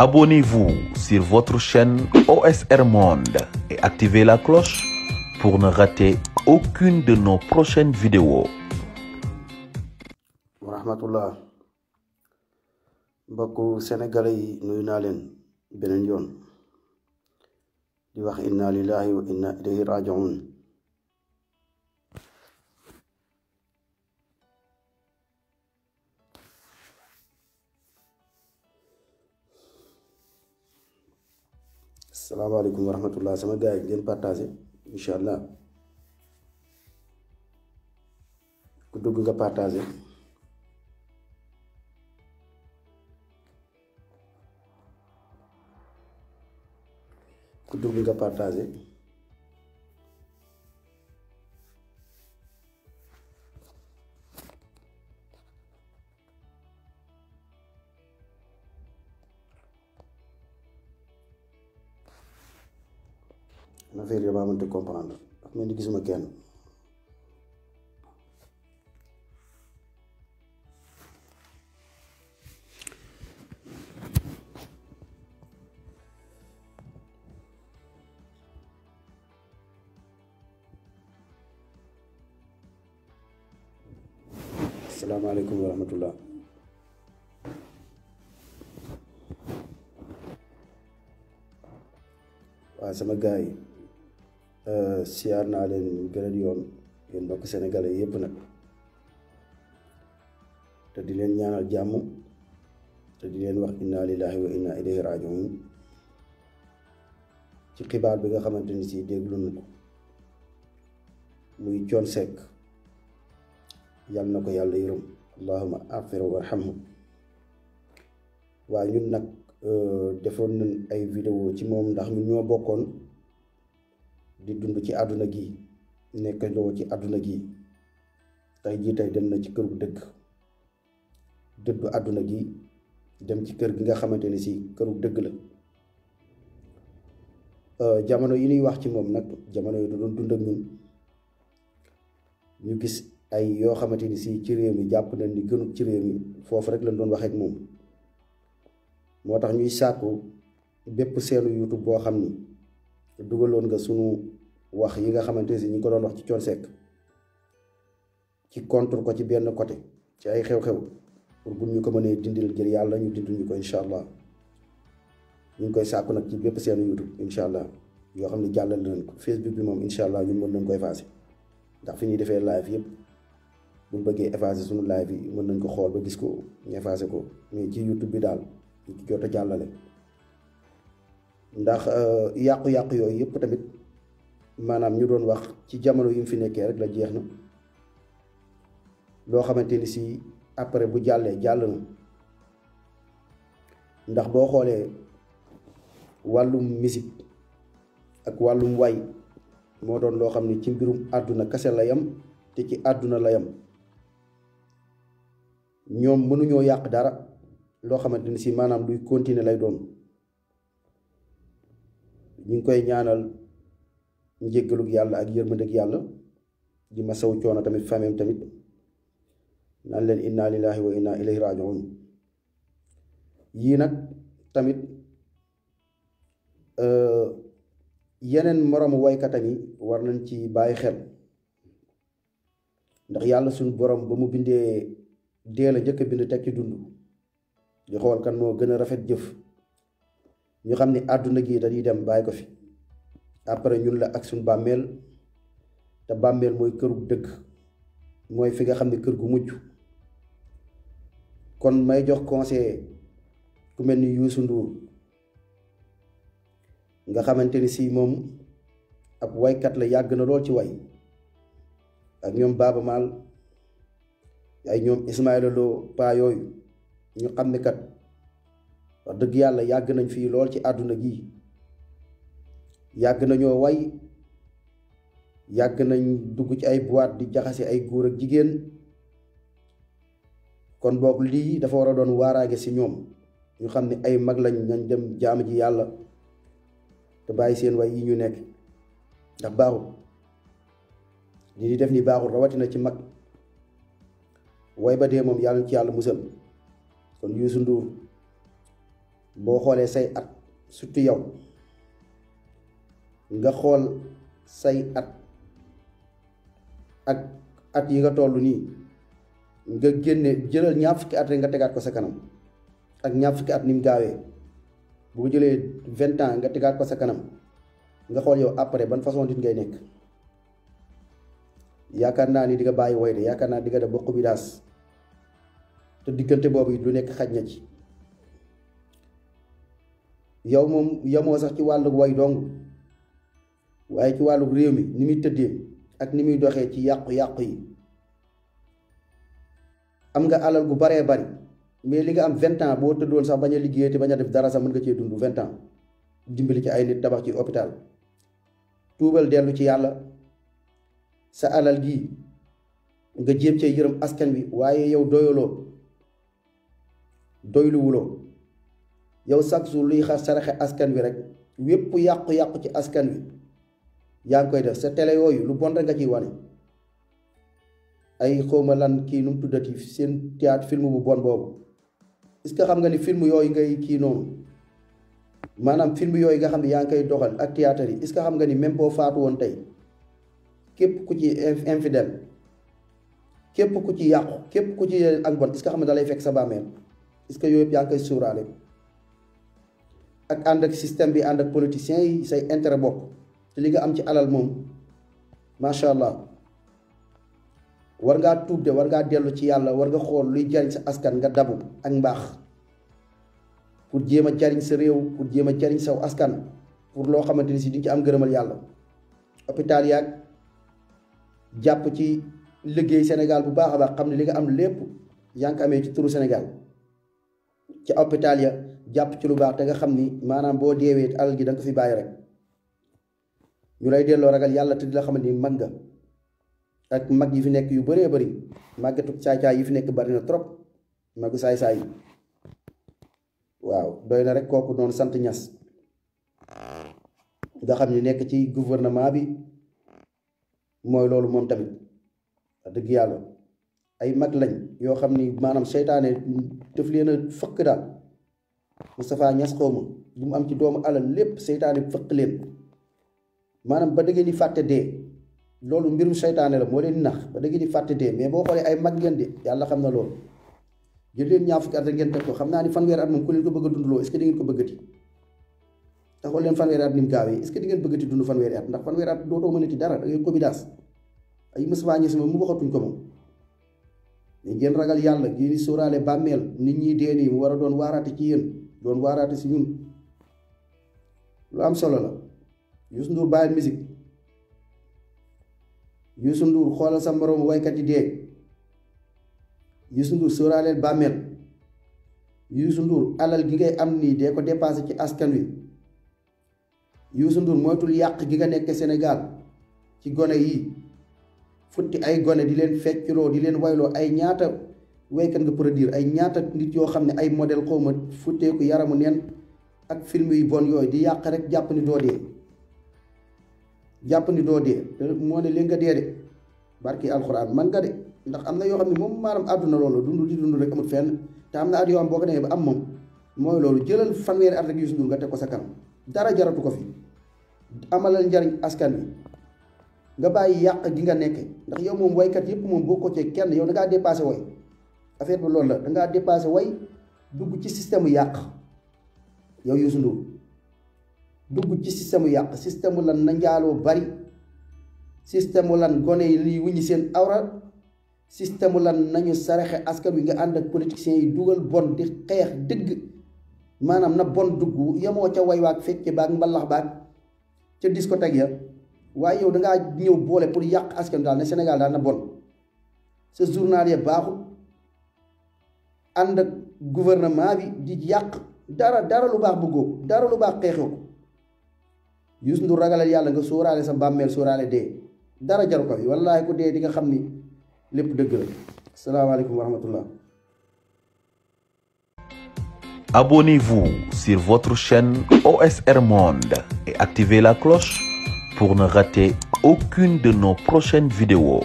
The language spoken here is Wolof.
Abonnez-vous sur votre chaîne OSR Monde et activez la cloche pour ne rater aucune de nos prochaines vidéos. wa rahmatullah mbokku sénégalais yi nuyu naa yoon di inna lillahi wa inna ilayhi rajiun salaamaaleykum wa rahmatullah sama gars yi ngeen partagé allah ku dugg nga partagé affaire yi damaa mënta comprendre dafa mel ni gisuma kenn asalaamaaleykum wa rahmatullah waaw sama gars yi Euh, siyaar naa leen beneen yoon yéen mbokk sénégalais yépp nag te di leen ñaanal jàmm te di leen wax inna lillahi wa inna ilayhi rajiun ci xibaar bi nga xamante ni si déglu na ko muy Thione Seck yal na ko yàlla yërëm allahuma afir warhamhu waa ñun nag euh, defoon na ay vidéo ci moom ndax ñun ñoo bokkoon di dund ci àdduna gi nekkandoo ci àdduna gi tey jii tey dem na ci kër gu dëkk dëddu àdduna gi dem ci kër gi nga xamante ni si këru dëgg la euh, jamono yi ñuy wax ci moom nag jamono yi da doon dund ak ñun ñu gis ay yoo xamante ni si ci réew mi jàpp nañ ni gënu ci réew mi foofu rek lañ doon waxee moom moo tax ñuy sàkku bépp seenu YouTube boo xam ni te dugaloon nga sunu wax yi nga xamante si ñu ko doon wax ci Thione Seck ci contre ko ci benn côté ci ay xew-xew pour bu ñu ko mënee dindil ngir yàlla ñu dindil ñu ko incha allah ñu ngi koy sàkku nag ci bépp seen youtube incha allah yoo xam ne jàllale nañ ko facebook bi moom incha allah ñun mën nañ ko effacer ndax fi ñuy defee live yëpp bu bëggee effacer sunu live yi mën nañ ko xool ba gis ko ñu effacer ko mais ci youtube bi daal ñu jot a jàllale. ndax euh, yàqu-yàqu yooyu yëpp tamit maanaam ñu doon wax ci jamono yu mu fi nekkee rek la jeex na loo xamante ni si après bu jàllee jàll na ndax boo xoolee wàllum musique ak wàllum way moo doon loo xam ne ci mbirum àdduna kase la yam te ci àdduna la yam ñoom mënuñoo yàq dara loo xamante ni si maanaam luy continuer lay doon ñu ngi koy ñaanal njéggalug yàlla ak yërmandeg yàlla di ma saw coono tamit fameem tamit naan leen inna lillahi wa inna ilayhi rajiun yii nag tamit euh, yeneen moroomu waykatam yi war nañ ci bàyyi xel ndax yàlla suñu borom ba mu bindee dee la njëkk a bind teg ci dund di xool kan moo gën a rafet jëf ñu xam ni àdduna gi dañuy dem bàyyi ko fi après ñun la ak suñu bàmmeel te bàmmeel mooy këru dëkk mooy fi nga xam ne kër gu mujj kon may jox conseil ku mel ni Youssou Ndour nga xamante ni si moom ab waykat la yàgg na lool ci way ak ñoom Baaba Maal ay ñoom Ismaïla Lo paa yooyu ñu xam dëgg yàlla yàgg nañ fii lool ci àdduna gi yàgg nañoo way yàgg nañ dugg ci ay boîte di jaxase ay góor ak jigéen kon boog lii dafa war a doon waaraage si ñoom ñu xam ne ay mag lañ nañ dem jaam ji yàlla te bàyyi seen way yi ñu nekk ndax baaxul li di def ni baaxul rawatina ci mag way ba dee moom yàlla ci yàlla musal kon Youssou Ndour boo xoolee say at surtout yow nga xool say at ak at yi nga toll nii nga génne jëlal ñaar fukki at rek nga tegaat ko sa kanam ak ñaar at ni mu gaawee bu jëlee vingt ans nga tegaat ko sa kanam nga xool yow après ban façon nit ngay nekk yaakaar naa ni di nga bàyyi woy de yaakaar naa di nga def bokk bi te diggante boobu it lu nekk xaj na ci yow moom yemoo sax ci wàllu way dong waaye ci wàllu réew mi ni muy tëddee ak ni muy doxee ci yàqu-yàqu yi am nga alal gu baree bari mais li nga am vingt ans boo tëddoon sax bañ a liggéey te bañ a def dara sax mën nga cee dund vingt ans dimbali ci ay nit tabax ci hôpital tuubal dellu ci yàlla sa alal gi nga jéem cee yërëm askan wi waaye yow doyuloo doyluwuloo yow chaque jour luy xar saraxe askan wi rek wépp yàqu-yàqu ci askan wi yaa ngi koy def sa télé yooyu lu bon rek nga ciy wane ay xawma lan kii nu mu tuddati seen théâtre film bu bon boobu est-ce que xam nga ni film yooyu ngay kii noonu maanaam film yooyu nga xam ne yaa ngi koy doxal ak théâtre yi est-ce xam nga ni même boo faatu woon tey képp ku ci infidèle képp ku ci yàqu képp ku ci ak bon est-ce que xam ne dalay fekk sa bàmmeel est-ce que yooyu yëpp yaa ngi koy suuraale ak ànd ak système bi ànd ak politiciens yi say intérêt bopp te li nga am ci alal moom macha allah war ngaa tuub war ngaa dellu ci yàlla war nga xool luy jariñ sa askan nga dabu ak mbaax pour jéem a jariñ sa réew pour jéem a jariñ saw askan pour loo xamante ni si duñ ci am gërëmal yàlla hôpital yaag jàpp ci liggéey Sénégal bu baax a baax xam ne li nga am lépp yaa amee ci turu Sénégal ci hôpital ya jàpp ci lu baax te nga xam ni maanaam boo deewee alal gi danga nga fi bàyyi rek ñu lay delloo ragal yàlla te di la xamante ni mag nga ak mag yi fi nekk yu baree bëri màggetu caay-caay yi fi nekk bari na trop magu saay-saay yi waaw doy na rek kooku noonu sant ñas nga xam ni nekk ci gouvernement bi mooy loolu moom tamit wax dëgg yàlla ay mag lañ yoo xam ni maanaam seytaane daf leen a fëkk daal Moustapha Niass xaw ma lu mu am ci doomu alal lépp seytaane fëq leen maanaam ba da ngeen di fàtte dee loolu mbirum seytaane la moo leen nax ba da ngeen di fàtte dee mais boo xoolee ay mag ngeen de yàlla xam na loolu jël leen ñaar fukki at rek teg ko xam naa ni fanweeri at moom ku leen ko bëgg a dundaloo est-ce que di ngeen ko bëggati te xool leen fanweeri at ni mu gaawee est-ce que di ngeen bëggati dund fanweeri at ndax fanweeri at dootoo mënati dara da ngay kobidaas ay Moustapha mu waxatuñ ko moom mais ngeen ragal yàlla ngeen sóoraale bàmmeel nit ñi dee nii mu war a doon waaraate ci yéen doon waaraate si ñun lu am solo la Youssou Ndour bàyyil musique Youssou Ndour xoolal sa moroom waykat yi dee Youssou Ndour sóoraaleel bàmmeel Youssou Ndour alal gi ngay am nii dee ko dépassé ci askan wi Youssou Ndour moytul yàq gi nga nekk Sénégal ci gone yi futti ay gone di leen feccloo di leen wayloo ay ñaata waykat nga produire ay ñaata nit yoo xam ne ay modèle xaw ma futteeku yaramu neen ak film yu bon yooyu di yàq rek jàpp ni doo dee jàpp ni doo dee moo ne léegi nga dee de barki alxuraan man nga de ndax am na yoo xam ne moom maanaam àdduna loolu dund di dundu rek amut fenn te am na at yoo xam boo ko demee ba am moom mooy loolu jëlal fanweeri at rek yu si dund nga teg ko sa kanam dara jaratu ko fi amalal njariñ askan wi nga bàyyi yàq gi nga nekk ndax yow moom waykat yëpp moom boo ko cee kenn yow da ngaa dépassé woy affaire bi loolu la dangaa dépassé way dugg ci système yàq yow Youssou Ndour dugg ci système yàq système lan na njaaloo bari système lan gone yi liy wuññi seen awra système lan nañu saraxe askan wi nga ànd ak politiciens yi dugal bon di xeex dëgg maanaam na bon dugg yemoo ca way waag fekke baag mbalax baag ca discothèque ya waaye yow dangaa ñëw boole pour yàq askan daal ne Sénégal daal na bon sa journal ya baaxul ànd ak gouvernement bi di yàq dara dara lu baax bëggoo dara lu baax xeexoo ko Youssou Ndour ragalal yàlla nga sóoraale sa bàmmeel sóoraale dee dara jaru ko wallaahi ku dee di nga xam ni lépp dëgg la salaamaaleykum wa rahmatullah. abonnez sur votre chaîne OSR Monde et activez la cloche pour ne rater aucune de nos prochaines vidéos.